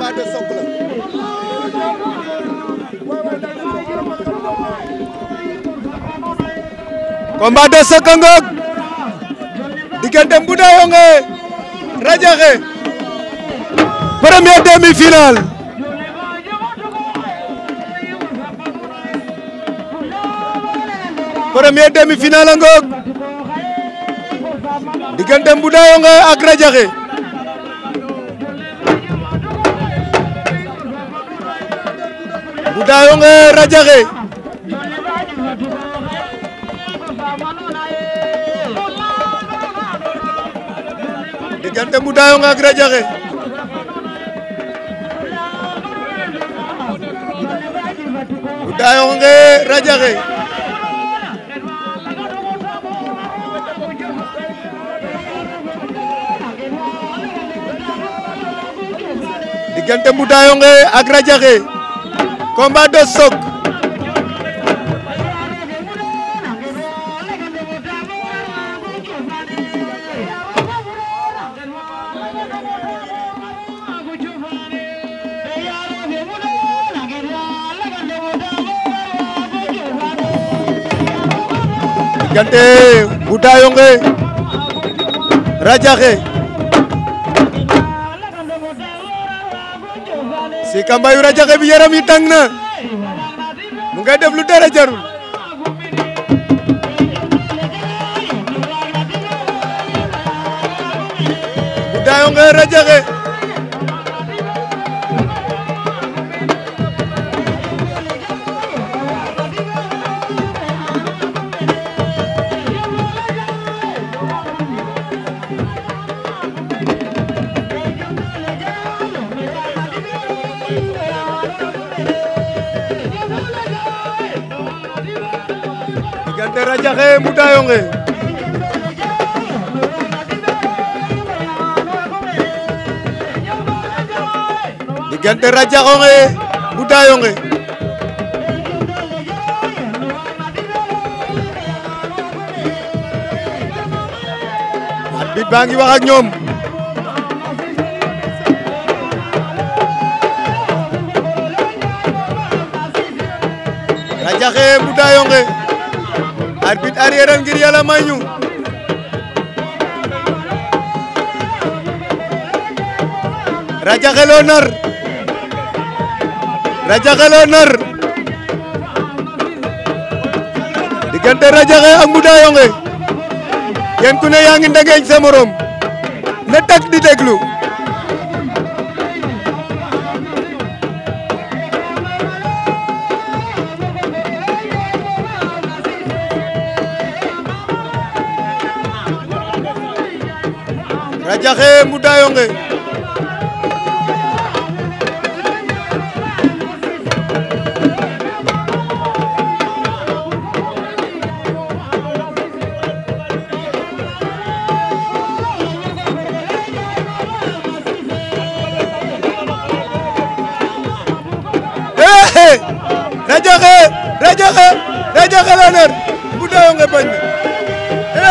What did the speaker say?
combat de soq la a ngoog diggante Mbouda Wongue Radiakhé première demi-finale première demi-finale a diggante Mbouda Wongue ak Radiakhé Budayonge Radiakhé diggante Budayonge ak Radiakhé Budayonge combat de choc diggante Bouta Sika Mbaye rajaxe bi yaram yi tàng na mu ngay def lu dara jarul bu daayoo rajaxe diggante Radiakhé Mouta Yongué diggante Radiakhé Mouta Yongué at bit baa ngi wax ak ñoom jaxee bu daayonge arbitre arrière am ngir yàlla loo nar rajaxe loo nar diggante rajaxe ak bu daayonge kenn ku ne yaa ngi ndangeeñ sa morom na tak di déglu Radiakhé mu dayonge Radiakhé Radiakhé Radiakhé la ner mu dayonge bañ na